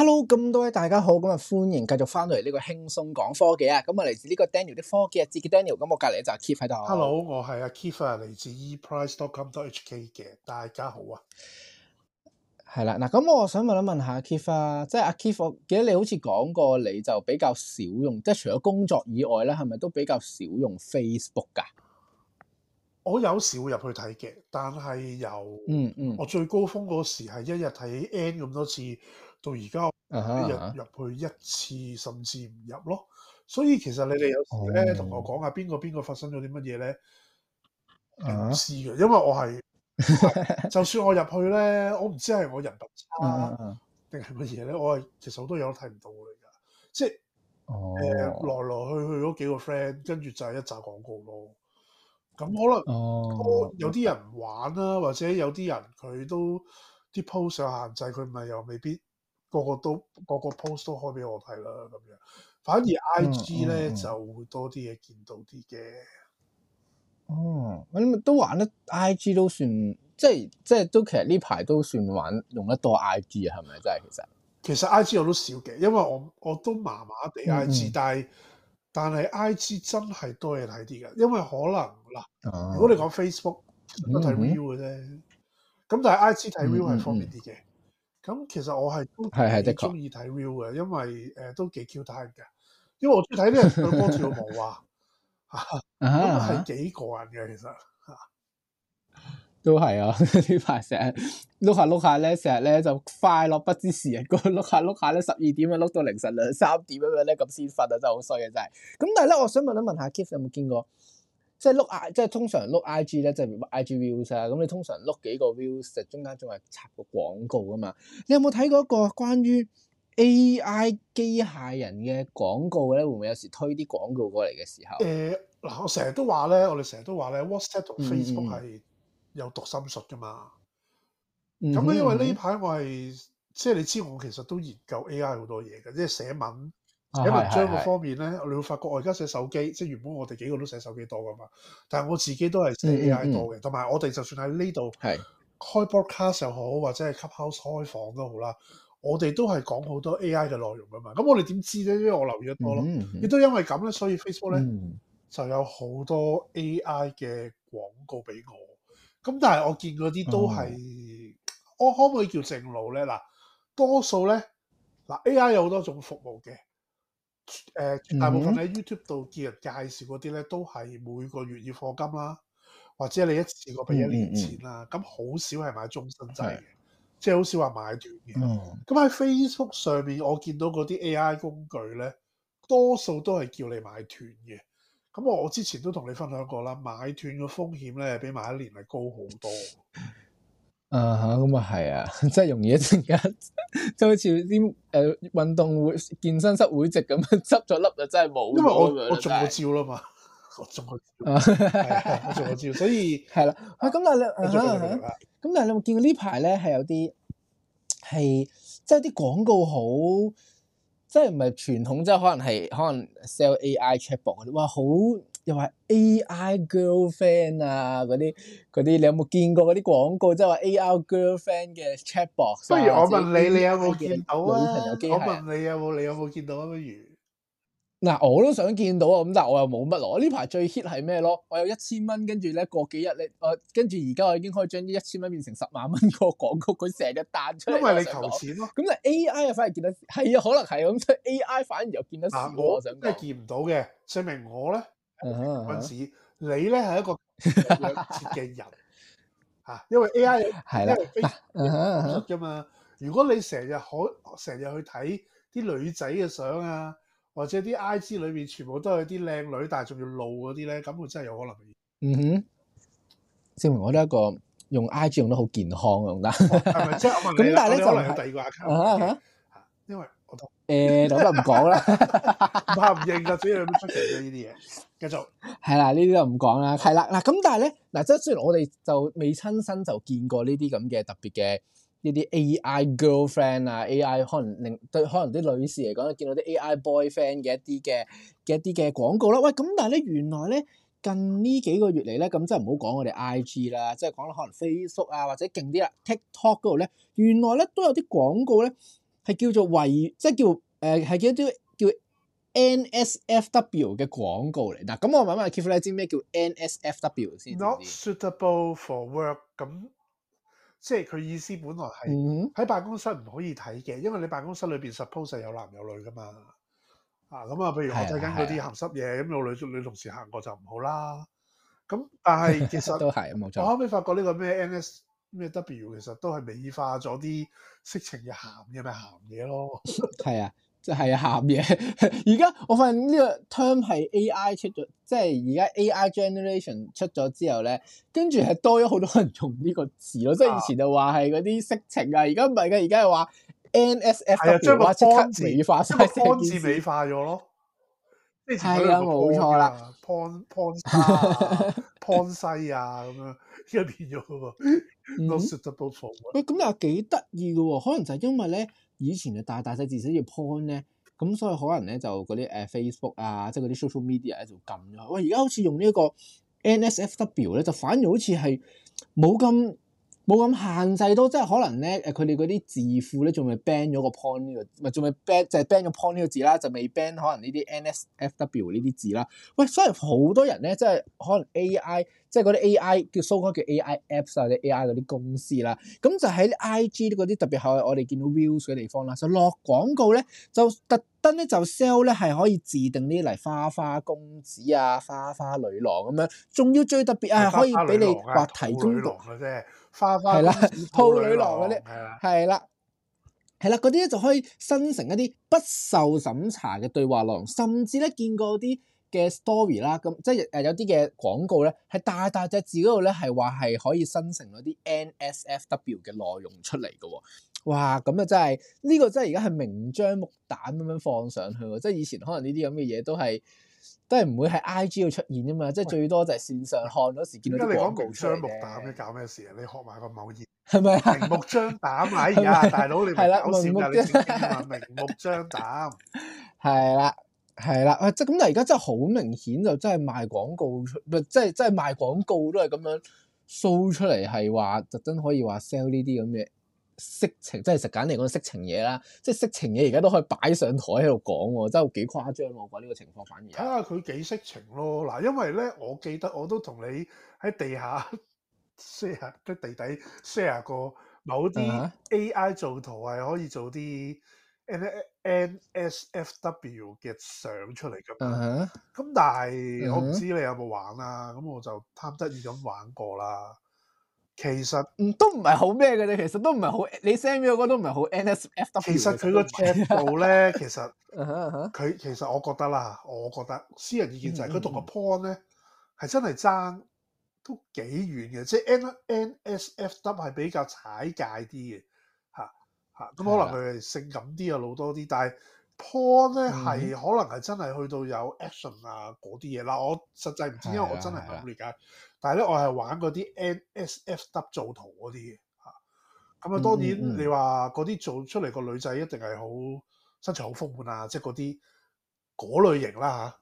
hello，咁多位大家好，咁啊歡迎繼續翻到嚟呢個輕鬆講科技啊，咁啊嚟自呢個 Daniel 啲科技日誌嘅 Daniel，咁我隔籬就係 Keef 喺度。Hello，我係阿 Keef 嚟自 eprice.com.hk 嘅，大家好啊。係啦，嗱，咁我想問，問一問下 Keef 啊，Keef, 即係阿 Keef 我記得你好似講過，你就比較少用，即係除咗工作以外咧，係咪都比較少用 Facebook 噶？我有時會入去睇嘅，但係由嗯嗯，我最高峰嗰時係一日睇 N 咁多次，到而家。啲人入去一次，甚至唔入咯。所以其實你哋有時咧，同、uh-huh. 我講下邊個邊個發生咗啲乜嘢咧，唔、uh-huh. 知嘅。因為我係 就算我入去咧，我唔知係我人品差、啊，定係乜嘢咧。我係其實好多嘢都睇唔到嚟噶。即係誒，來、uh-huh. 來、呃、去去嗰幾個 friend，跟住就係一集廣告咯。咁可能我、uh-huh. 有啲人唔玩啦、啊，或者有啲人佢都啲 post 有限制，佢咪又未必。個個都個個 post 都開俾我睇啦，咁樣。反而 I G 咧、嗯嗯、就會多啲嘢見到啲嘅。哦、嗯，咁都玩得 I G 都算，即係即係都其實呢排都算玩用得多 I G 啊，係咪？真係其實。其實 I G 我都少嘅，因為我我都麻麻地 I G，但係但係 I G 真係多嘢睇啲嘅，因為可能嗱、啊，如果你講 Facebook、嗯、都睇 view 嘅啫，咁、嗯、但係 I G 睇 view 係方便啲嘅。嗯嗯咁其實我係都係係的確中意睇 view 嘅，因為誒、呃、都幾 cute 嘅，因為我中意睇啲人雙人跳舞啊，咁係幾個人嘅。其實都係啊，呢排成日碌下碌下咧，成日咧就快樂不知時，個碌下碌下咧，十二點啊碌到凌晨兩三點咁樣咧，咁先瞓啊，真係好衰嘅真係。咁但係咧，我想問一下問一下 Keith 有冇見過？即係碌啊即係通常碌 I G 咧，即係譬如話 I G views 啊，咁你通常碌幾個 views，就中間仲係插個廣告噶嘛。你有冇睇過一個關於 AI 機械人嘅廣告咧？會唔會有時推啲廣告過嚟嘅時候，誒，嗱，我成日都話咧，我哋成日都話咧，WhatsApp Facebook、嗯、Facebook 係有讀心術噶嘛。咁、嗯、因為呢排我係即係你知我其實都研究 AI 好多嘢嘅，即係寫文。喺文章嘅方面咧、啊，你哋會發覺我而家寫手機，是是是即係原本我哋幾個都寫手機多噶嘛。但係我自己都係寫 AI 多嘅，同、mm-hmm. 埋我哋就算喺呢度開 broadcast 又好，或者係 Clubhouse 開房都好啦，我哋都係講好多 AI 嘅內容噶嘛。咁我哋點知咧？因為我留意得多咯，亦、mm-hmm. 都因為咁咧，所以 Facebook 咧就有好多 AI 嘅廣告俾我。咁但係我見嗰啲都係，mm-hmm. 我可唔可以叫正路咧？嗱，多數咧嗱，AI 有好多種服務嘅。誒、呃、大部分喺 YouTube 度見人介紹嗰啲咧，mm-hmm. 都係每個月要課金啦，或者你一次過俾一年錢啊，咁、mm-hmm. 好少係買終身制嘅，mm-hmm. 即係好少話買斷嘅。咁、mm-hmm. 喺 Facebook 上面，我見到嗰啲 AI 工具咧，多數都係叫你買斷嘅。咁我之前都同你分享過啦，買斷嘅風險咧，比買一年係高好多。 啊吓，咁啊係啊，真係容易一陣間，就好似啲誒、運動會健身室會籍咁樣執咗粒就真係冇。因為我我中咗招啦嘛，我中咗招，我中咗招，所以係啦。咁，但係你咁但係你有冇見過呢排咧係有啲係即係啲廣告好，即係唔係傳統，即係可能係可能 sell AI chatbot 嗰啲，哇好～又話 A I girlfriend 啊嗰啲嗰啲，你有冇見過嗰啲廣告？即係話 A I girlfriend 嘅 chat box、啊。不如我問你，你有冇見到女朋友、啊？我問你有冇，你有冇見,、啊啊、見到啊？不如嗱、啊，我都想見到啊，咁但係我又冇乜咯。我呢排最 hit 係咩咯？我有一千蚊，跟住咧過幾日你我跟住而家我已經可以將呢一千蚊變成十萬蚊個廣告。佢成日彈出嚟。因為你求錢咯、啊。咁你 A I 反而見得，係啊，可能係咁。所以 A I 反而又見得。嗱、啊，我真係見唔到嘅，證明我咧。軍、uh-huh, 事、uh-huh.，你咧係一個設計人吓， 因為 A I 係 啦，因為飛嘛。Uh-huh, uh-huh. 如果你成日可成日去睇啲女仔嘅相啊，或者啲 I G 裏面全部都係啲靚女，但係仲要露嗰啲咧，咁會真係有可能有。嗯哼，證明，我都一個用 I G 用得好健康用得。咁 不是 但係咧就第二個 account 啊，點啊？誒，我都唔講啦，怕唔認啦，所以咁出奇嘅呢啲嘢，繼續係啦，呢啲就唔講啦，係啦，嗱咁但係咧，嗱即係雖然我哋就未親身就見過呢啲咁嘅特別嘅呢啲 AI Girlfriend 啊，AI 可能令對可能啲女士嚟講，見到啲 AI Boyfriend 嘅一啲嘅嘅一啲嘅廣告啦，喂咁但係咧，原來咧近呢幾個月嚟咧，咁真係唔好講我哋 IG 啦，即係講到可能 Facebook 啊或者勁啲啦，TikTok 嗰度咧，原來咧都有啲廣告咧。係叫做維，即係叫誒，係叫啲叫 NSFW 嘅廣告嚟。嗱，咁我問問 Kifley 知咩叫 NSFW 先。Not suitable for work。咁即係佢意思本來係喺辦公室唔可以睇嘅，因為你辦公室裏邊 suppose 係有男有女㗎嘛。啊，咁啊，譬如我睇緊嗰啲鹹濕嘢，咁有女女同事行過就唔好啦。咁但係其實都係冇錯。我後尾發覺呢個咩 NS。咩 W 其實都係美化咗啲色情嘅鹹嘅咪鹹嘢咯，係 啊，就係 就係、啊，即係啊鹹嘢。而家我發現呢個 term 係 AI 出咗，即係而家 AI generation 出咗之後咧，跟住係多咗好多人用呢個字咯。即係以前就話係嗰啲色情現在是的現在是說 NSFW，啊，而家唔係噶，而家係話 NSFW，話將個，字，個字美化，將個字美化咗咯。係 啊，冇錯啦，pon pon 西啊咁樣，而 家、啊、變咗喎。 咁又幾得意嘅喎？可能就係因為咧，以前嘅大大細字寫要 point 咧，咁所以可能咧就嗰啲誒 Facebook 啊，即係嗰啲 social media 咧就禁咗。喂，而家好似用呢一個 NSFW 咧，就反而好似係冇咁冇咁限制到，即係可能咧誒佢哋嗰啲字庫咧仲未 ban 咗個 point 呢個，唔係仲未 ban 就 ban 咗 point 呢個字啦，就未 ban 可能呢啲 NSFW 呢啲字啦。喂，所以好多人咧，即係可能 AI。即係嗰啲 AI 叫所謂叫 AI apps 啊，啲 AI 嗰啲公司啦，咁就喺 IG 嗰啲特別係我哋見到 views 嘅地方啦，就落廣告咧，就特登咧就 sell 咧係可以自定啲嚟花花公子啊、花花女郎咁樣，仲要最特別係、啊啊、可以俾你話提供嘅啫。花花，係啦，兔女郎嗰啲，係啦，係啦，嗰啲咧就可以生成一啲不受審查嘅對話郎，甚至咧見過啲。嘅 story 啦，咁即係誒有啲嘅廣告咧，係大大隻字嗰度咧，係話係可以生成嗰啲 NSFW 嘅內容出嚟嘅喎。哇，咁啊真係呢、呢個真係而家係明目張膽咁樣放上去喎。即係以前可能呢啲咁嘅嘢都係都係唔會喺 IG 度出現啊嘛。即係最多就係線上看嗰時見到啲廣告。而家嚟講明目張膽，咩搞咩事啊？你學埋個某熱係咪明目張膽啊？而家、啊 是啊、 大佬你係啦，明目張， 你明目張膽係啦。係啦，啊，即咁，但係而家真係好明顯，就真係賣廣告出，唔即即賣廣告都係咁樣 show 出嚟，係話特登可以話 sell 呢啲咁嘅色情，即係簡單嚟講色情嘢啦，即係色情嘢而家都可以擺上台喺度講喎，真係幾誇張，我覺得呢個情況反而。睇下佢幾色情咯，嗱，因為咧，我記得我都同你喺地下 share，即地底 share 個某啲 AI 做圖係可以做啲。N S F W 嘅相出嚟噶，咁但係我唔知你有冇玩啦、啊。咁、uh-huh. 我就貪得意咁玩過啦。其實唔、嗯、都唔係好咩嘅啫。其實都唔係好，你 send 咗嗰都唔係好 N S F W。其實佢個尺度咧， 其實佢、uh-huh. 其實我覺得啦，我覺得私人意見就係佢同個 point 咧係真係爭都幾遠嘅，即、就、係、是、N N S F W 係比較踩界啲嘅。咁、啊、可能佢係性感啲啊，老多啲，但係 porn 咧係、嗯、可能係真係去到有 action 啊嗰啲嘢啦。我實際唔知、啊，因為我真係唔咁理解。啊、但係咧，我係玩嗰啲 NSFW 做圖嗰啲嘅，咁啊，當然你話嗰啲做出嚟個女仔一定係好身材好豐滿啊，即係嗰啲嗰類型啦、啊、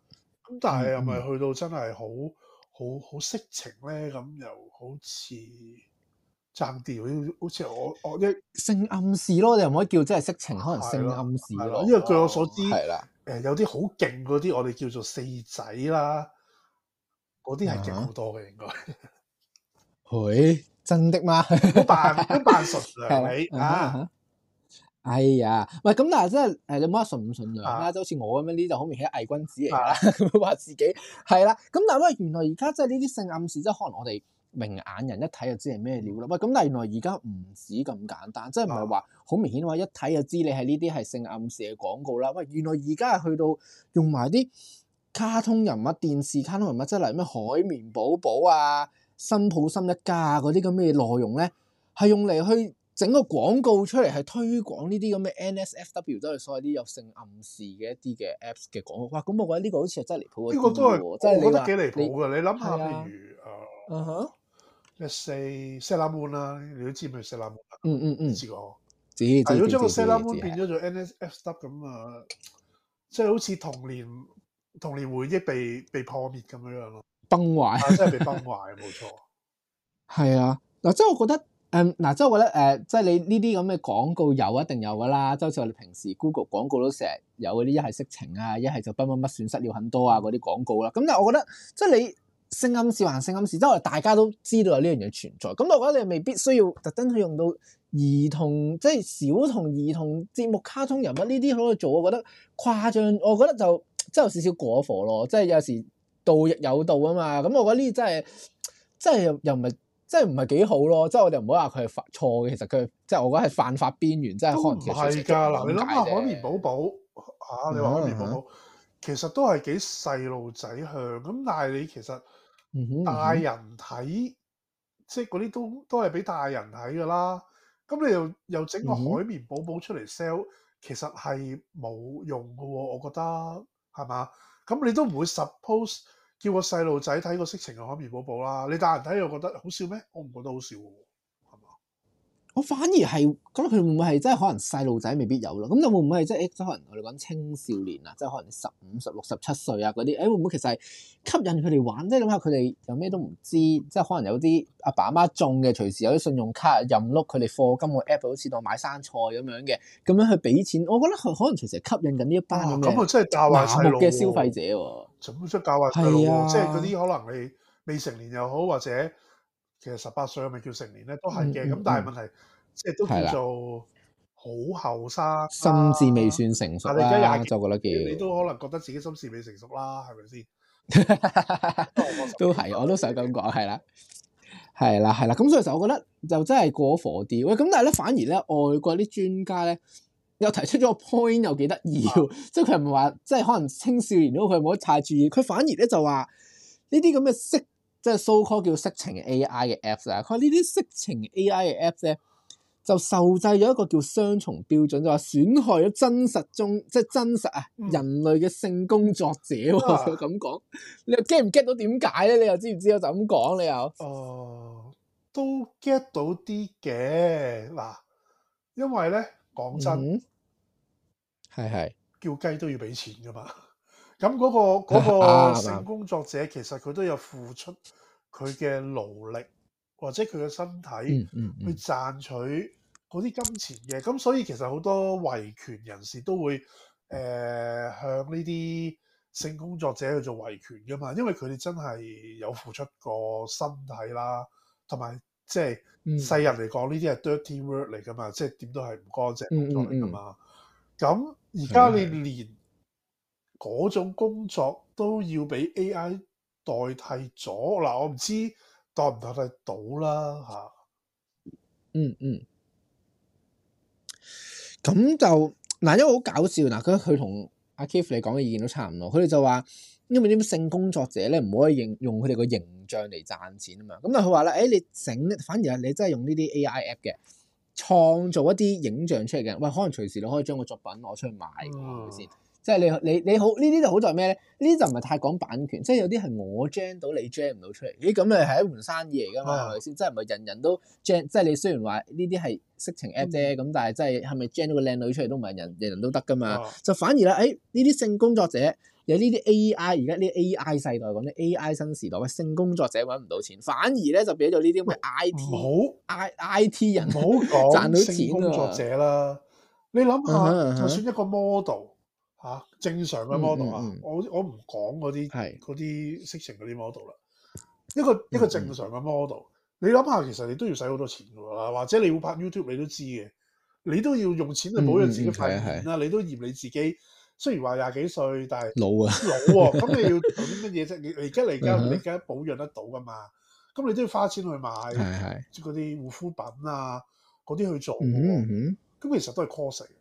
咁、啊、但係係咪去到真係好好好色情咧？咁又好似～爭啲，好似我我一性暗示咯，你又唔可以叫即係色情，可能性暗示咯。因為據我所知，係啦，誒有啲好勁嗰啲，我哋叫做四仔啦，嗰啲係勁好多嘅應該。係真的嗎？都扮都扮純良你啊！哎呀，喂，咁但係即係誒，你唔好話純唔純良啦，就好似我咁樣啲，就好明顯偽君子嚟啦。話自己係啦，咁但係喂，原來而家即係呢啲性暗示，即係可能我哋。明眼人一睇就知係咩料啦。喂、嗯，咁但係原來而家唔止咁簡單，即係唔係話好明顯話一睇就知你係呢啲係性暗示嘅廣告啦。喂，原來而家係去到用埋啲卡通人物、電視卡通人物，即係例如咩海綿寶寶啊、新抱新一家嗰啲咁嘅內容咧，係用嚟去整個廣告出嚟，係推廣呢啲咁嘅 NSFW，即係所謂啲有性暗示嘅一啲嘅 Apps 嘅廣告。哇，咁我覺得呢個好似係真係離譜嘅。呢、這個都係，我覺得幾離譜㗎。你諗下，譬如啊，嘅四色拉滿啦，你都知唔知色拉滿？嗯嗯嗯，知、嗯嗯嗯嗯、個、嗯。係要將個色拉滿變咗做 N S F W 咁啊，即係好似童年童年回憶被被破滅咁樣樣咯，崩壞啊，真係被崩壞，冇 錯。係啊，嗱、啊，即係我覺得，嗯，嗱、啊，即係我覺得，誒、啊，即係你呢啲咁嘅廣告有一定有噶啦。即係好似我哋平時 Google 廣告都成日有嗰啲一係色情啊，一係就乜乜乜損失了很多啊嗰啲廣告啦。咁但係我覺得，即係你。聲音事還聲音事，即係我哋大家都知道有呢樣嘢存在。咁我覺得你未必需要特登去用到兒童，即係小童兒童節目、卡通人物呢啲去做。我覺得誇張，我覺得就即係有少少過火咯。即係有時度有度啊嘛。咁我覺得呢啲真係真係又又唔係，真係唔係幾好咯。即係我哋唔好話佢係犯錯嘅，其實佢即係我覺得係犯法邊緣，真係可能係㗎嗱，你諗下海綿寶寶嚇，你話海綿寶寶其實都係幾細路仔向咁，但係你其實。大人睇，嗯，即係嗰啲都都係俾大人睇噶啦。咁你又又整個海綿寶寶出嚟 sell，嗯，其實係冇用噶喎，啊。我覺得係嘛？咁你都唔會 suppose 叫個細路仔睇個色情嘅海綿寶寶啦。你大人睇又覺得好笑咩？我唔覺得好笑喎。我反而係覺得佢會唔會係真係可能細路仔未必有咯，咁又會唔會係即係即可能我哋講青少年啊，即係可能十五、十六、十七歲啊嗰啲，誒會唔會其實係吸引佢哋玩？即係諗下佢哋有咩都唔知，即係可能有啲阿爸阿媽中嘅，隨時有啲信用卡任碌，佢哋課金個 app 好似當買生菜咁樣嘅，咁樣去俾錢。我覺得佢可能隨時係吸引緊呢一班咁教嘅嘅消費者喎，咁、啊啊、即係教壞細路即係嗰啲可能你未成年又好，或者。十八歲係咪叫成年咧？都係嘅。咁、嗯嗯、但係問題，即、就、係、是、都叫做好後生，心智未算成熟啦、啊，就覺得幾你都可能覺得自己心智未成熟啦、啊，係咪先？都係，我都想咁講，係啦，係啦，係啦。咁所以其實我覺得就真係過火啲喎。咁但係咧，反而咧，外國啲專家咧又提出咗個 point，又幾得意。即係佢唔係話，即 係可能青少年都佢冇得太注意。佢反而咧就話呢啲咁嘅色。這即係、so、搜 call 叫色情 AI 嘅 apps 啊。佢話呢啲色情 AI 嘅 apps 咧就受制咗一個叫雙重標準，就話損害咗真實中即係真實啊人類嘅性工作者咁講、嗯，你又 get 唔 get 到點解咧？你又知唔知？我就咁講，你又，誒、嗯，都 get 到啲嘅嗱，因為咧講真，係係叫雞都要俾錢噶嘛。咁、嗰、嗰個嗰、嗰個性工作者其實佢都有付出佢嘅勞力或者佢嘅身體去賺取嗰啲金錢嘅。咁所以其實好多維權人士都會誒、呃、向呢啲性工作者去做維權噶嘛，因為佢哋真係有付出過身體啦，同埋即係世人嚟講呢啲係 dirty work 嚟噶嘛，即係點都係唔乾淨工作嚟噶嘛。咁而家你連嗰種工作都要俾 A.I. 代替咗嗱，我唔知代唔代替到啦吓嗯嗯，咁、嗯、就嗱，因為好搞笑嗱，佢佢同阿 Kiff 你講嘅意見都差唔多。佢哋就話，因為啲性工作者咧唔可以用用佢哋個形象嚟賺錢啊嘛。咁就佢話咧，誒、哎、你整，反而係你真係用呢啲 A.I. app 嘅創造一啲影像出嚟嘅，喂，可能隨時你可以將個作品攞出去賣先。嗯即係你你你好呢啲就好在咩咧？呢啲就唔係太講版權，即係有啲係我 gen 到你 gen 唔到出嚟。咦？咁咪係一門生意嚟㗎嘛？係咪先？即係唔係人人都 gen？即係你雖然話呢啲係色情 app 啫，咁、嗯、但係即係係咪 gen 到個靚女出嚟都唔係人人人都得㗎嘛、啊？就反而啦，誒呢啲性工作者有呢啲 AI，而家呢啲 AI 世代講啲 AI 新時代，性工作者揾唔到錢，反而咧就變咗呢啲咁嘅 IT 好 IT 人冇講、 賺到錢啊、性工作者啦。你諗下，uh-huh, uh-huh. 就算一個 model。吓、啊，正常嘅 model 啊、嗯嗯，我我唔講嗰啲嗰啲色情嗰啲 model 啦。一個一個正常嘅 model，、嗯、你諗下，其實你都要使好多錢噶啦。或者你要拍 YouTube，你都知嘅，你都要用錢去保養自己塊面啦。嗯 okay，你，都你，嗯、okay，你都嫌你自己，雖然話廿幾歲，但係老啊，老咁、啊、你要做啲乜嘢啫？你而家嚟而家，你而家保養得到噶嘛？咁、嗯、你都要花錢去買，係係，嗰啲護膚品啊，嗰啲去做。咁、嗯嗯嗯、其實都係 cosy a。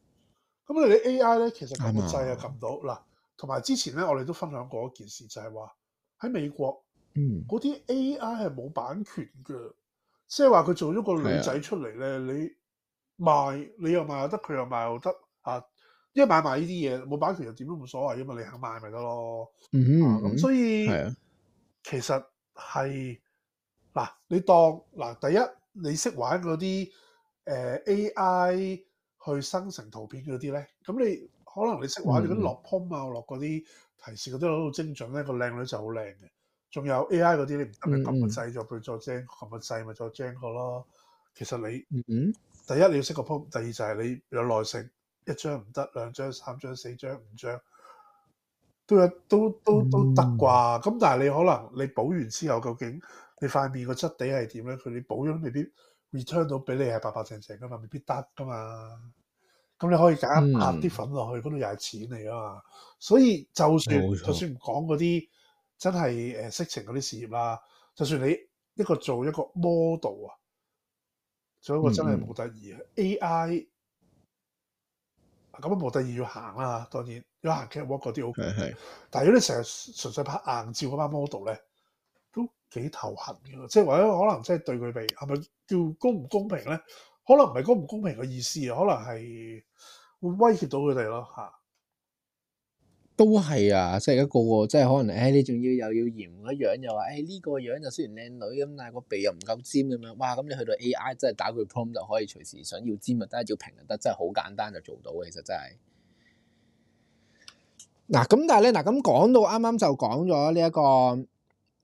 咁你啲 A.I. 咧，其實撳得滯啊，撳到嗱，同埋之前咧，我哋都分享過一件事就，就係話喺美國，嗯，嗰啲 A.I. 係冇版權嘅，即係話佢做咗個女仔出嚟咧，你賣你又賣得，佢又賣又得啊！因為買一買賣呢啲嘢冇版權又點都冇所謂㗎嘛，你肯賣咪得咯。嗯哼、嗯嗯，咁、啊、所以啊，其實係嗱、啊，你當嗱第一，你識玩嗰啲、呃、A.I. 去生成圖片嗰啲咧，咁你可能你識玩，如果落 po 落嗰啲提示嗰啲攞到精準咧，個靚女就好靚嘅。仲有 A I 嗰啲你唔得咪撳個掣咗佢，再精撳、個掣咪再精個咯。其實你第一你要識個 po，第二就係你有耐性，一張唔得，兩張、三張、四張、五張都有都都、嗯、都得啩。咁但係你可能你補完之後，究竟你塊面個質地係點咧？佢你補咗都未必。return 到俾你係白白淨淨噶嘛，未必得噶嘛。咁你可以揀拍啲粉落去，嗰、嗯、度又係錢嚟噶嘛。所以就算就算唔講嗰啲真係誒色情嗰啲事業啦，就算你一個做一個 model 啊，做一個真係模特兒 AI，咁啊模特兒要行啦。當然要行 catwalk 嗰啲 OK，但係如果你成日純粹拍硬照嗰班 model 咧，幾頭痕嘅，即係或者可能即係對佢鼻係咪叫公唔公平咧？可能唔係公唔公平嘅意思啊，可能係會威脅到佢哋咯吓。都係啊、就是，即係一個即係可能誒，呢、哎、仲要又要嚴、哎這個樣，又話誒呢個樣就雖然靚女咁，但係個鼻又唔夠尖咁樣。哇！咁你去到 AI 真係打佢 prompt 就可以隨時想要尖啊，得一招平啊得，真係好簡單就做到。其實真係。嗱、啊、咁，但係咧嗱咁講到啱啱就講咗呢一個。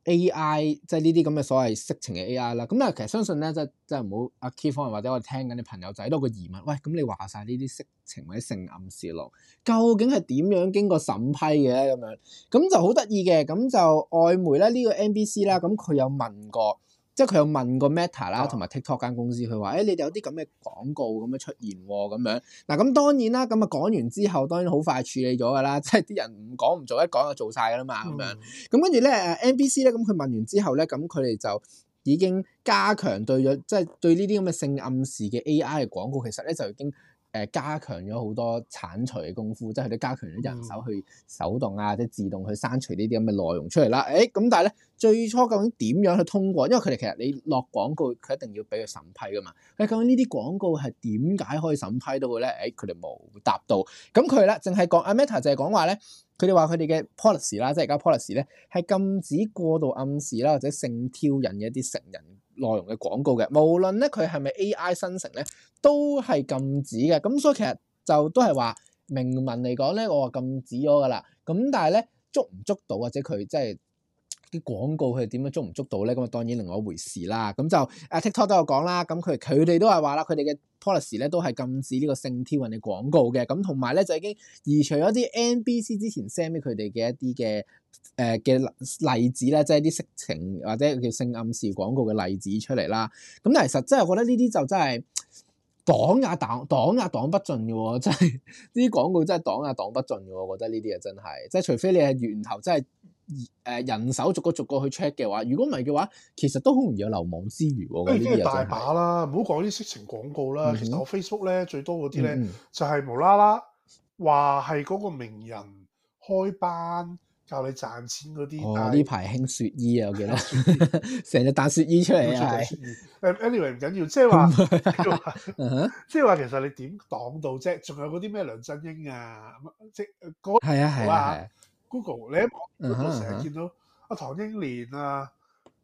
A.I. 即係呢啲咁嘅所謂色情嘅 A.I. 啦，咁咧其實相信咧，即係即係唔好阿 Key 方或者我哋聽緊啲朋友仔都有個疑問，喂，咁你話晒呢啲色情或者性暗示囉，究竟係點樣經過審批嘅咁樣？咁就好得意嘅，咁就外媒咧呢個 NBC 啦，咁佢有問過。即係佢有問過 Meta 啦，同埋 TikTok 間公司，佢話：，誒、哎，你哋有啲咁嘅廣告咁樣出現喎，咁樣。嗱，咁當然啦，咁啊講完之後，當然好快處理咗㗎啦。即係啲人唔講唔做，一講就做晒㗎啦嘛，咁樣。咁跟住咧，誒 NBC 咧，咁佢問完之後咧，咁佢哋就已經加強對咗，即、就、係、是、對呢啲咁嘅性暗示嘅 AI 嘅廣告，其實咧就已經。誒加強咗好多剷除嘅功夫，即係佢哋加強咗人手去手動啊，即係自動去刪除呢啲咁嘅內容出嚟啦。誒咁，但係咧最初究竟點樣去通過？因為佢哋其實你落廣告，佢一定要俾佢審批噶嘛。誒究竟呢啲廣告係點解可以審批到嘅咧？誒佢哋冇答到。咁佢咧淨係講，阿 Meta 就係講話咧，佢哋話佢哋嘅 policy 啦，即係而家 policy 咧係禁止過度暗示啦，或者性挑引嘅一啲成人內容嘅廣告嘅，無論咧佢係咪 AI 生成咧，都係禁止嘅。咁所以其實就都係話明文嚟講咧，我話禁止咗㗎喇。咁但係咧捉唔捉到，或者佢即係。啲廣告佢點樣捉唔捉到咧？咁啊當然另外一回事啦。咁就 TikTok 都有講啦。咁佢佢哋都係話啦，佢哋嘅 policy 咧都係禁止呢個性挑引嘅廣告嘅。咁同埋咧就已經移除咗啲 NBC 之前 send 俾佢哋嘅一啲嘅嘅例子咧，即係啲色情或者叫性暗示廣告嘅例子出嚟啦。咁但係實質係我覺得呢啲就真係。擋啊擋擋啊擋不盡嘅喎，真係呢啲廣告真係擋啊擋不盡嘅喎，我覺得呢啲嘢真係，即係除非你係源頭真係人手逐個逐個去 check 嘅話，如果唔係嘅話，其實都好容易有漏網之魚。誒、欸，啲嘢大把啦，唔好講啲色情廣告啦、嗯，其實我 Facebook 咧最多嗰啲咧就係、是、無啦啦話係嗰個名人開班。教你賺錢嗰啲，哦呢排興雪衣啊，我記得成日打雪衣出嚟啊。 Anyway 唔緊要，即係話，即係話其實你點擋到啫？仲有嗰啲咩梁振英啊，即係嗰係啊係啊，是啊，Google 你喺網度成日見到阿唐英年啊，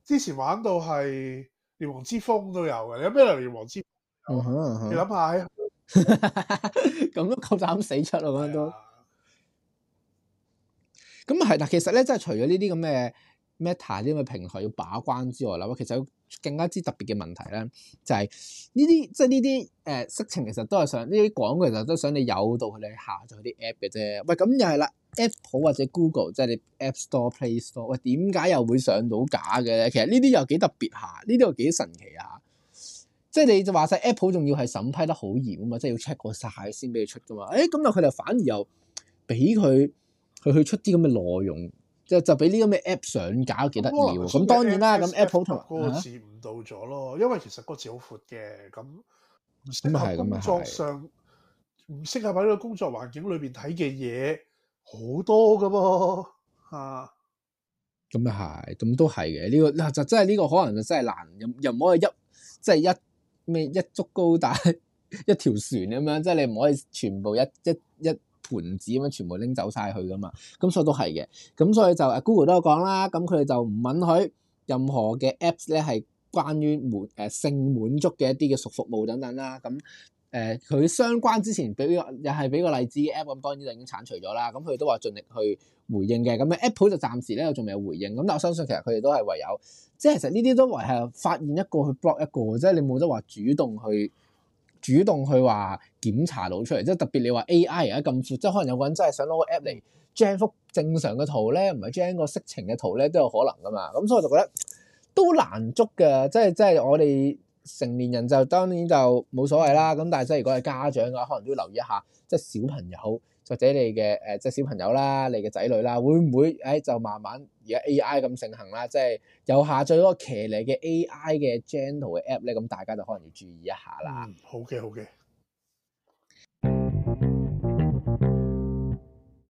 之前玩到係連黃之鋒都有嘅，有咩嚟連黃之鋒？你諗 下，咁 都夠膽死出啊，咁、啊那個、都。咁係啦，其實咧，即係除咗呢啲咁嘅 Meta 呢啲咁嘅平台要把關之外啦，其實有更加之特別嘅問題咧，就係呢啲即係呢啲誒色情其實都係想呢啲廣告其實都想你有到佢哋下載啲 app 嘅啫。喂，咁又係啦，Apple 或者 Google 即係你 App Store、Play Store，喂點解又會上到架嘅咧？其實呢啲又幾特別下，呢啲又幾神奇下。即係你就話晒 Apple 仲要係審批得好嚴啊嘛，即係要 check 過曬先俾佢出噶嘛。誒，咁但佢就反而又俾佢。佢去出啲咁嘅內容，即係就俾呢個咩 app 上搞，幾得意喎。咁當然啦，咁 Apple 同埋個字唔到咗咯，因為其實個字好闊嘅，咁唔適合工作上，唔適合喺呢個工作環境裏邊睇嘅嘢好多噶噃。嚇，咁又係，咁都係嘅。呢個就真係呢個可能就真係難，又又唔可以一即係一咩一足高，但係一條船咁樣，即係你唔可以全部一一一。一一盤子咁樣全部拎走晒佢㗎嘛，咁所以都係嘅，咁所以就誒 Google 都有講啦，咁佢哋就唔允許任何嘅 Apps 咧係關於滿誒、呃、性滿足嘅一啲嘅熟服務等等啦，咁誒佢相關之前俾又係俾個例子嘅 App 咁當然就已經剷除咗啦，咁佢都話盡力去回應嘅，咁 Apple 就暫時咧仲未有回應，咁但我相信其實佢哋都係唯有，即係其實呢啲都係係發現一個去 block 一個，即係你冇得話主動去。主動去話檢查到出嚟，即係特別你話 AI 而家咁闊，即係可能有個人真係想攞個 app 嚟將幅正常嘅圖咧，唔係將個色情嘅圖咧都有可能噶嘛。咁所以我就覺得都難捉嘅，即係即係我哋成年人就當然就冇所謂啦。咁但係即係如果係家長啊，可能都要留意一下，即係小朋友。或者你嘅、即係、小朋友啦，你嘅仔女啦，會唔會誒、哎、就慢慢而家 AI 咁盛行啦，即係又下載嗰個騎呢嘅 AI 嘅 gentle 嘅 app 呢，咁大家就可能要注意一下啦。好、嗯、嘅，好嘅。好嘅。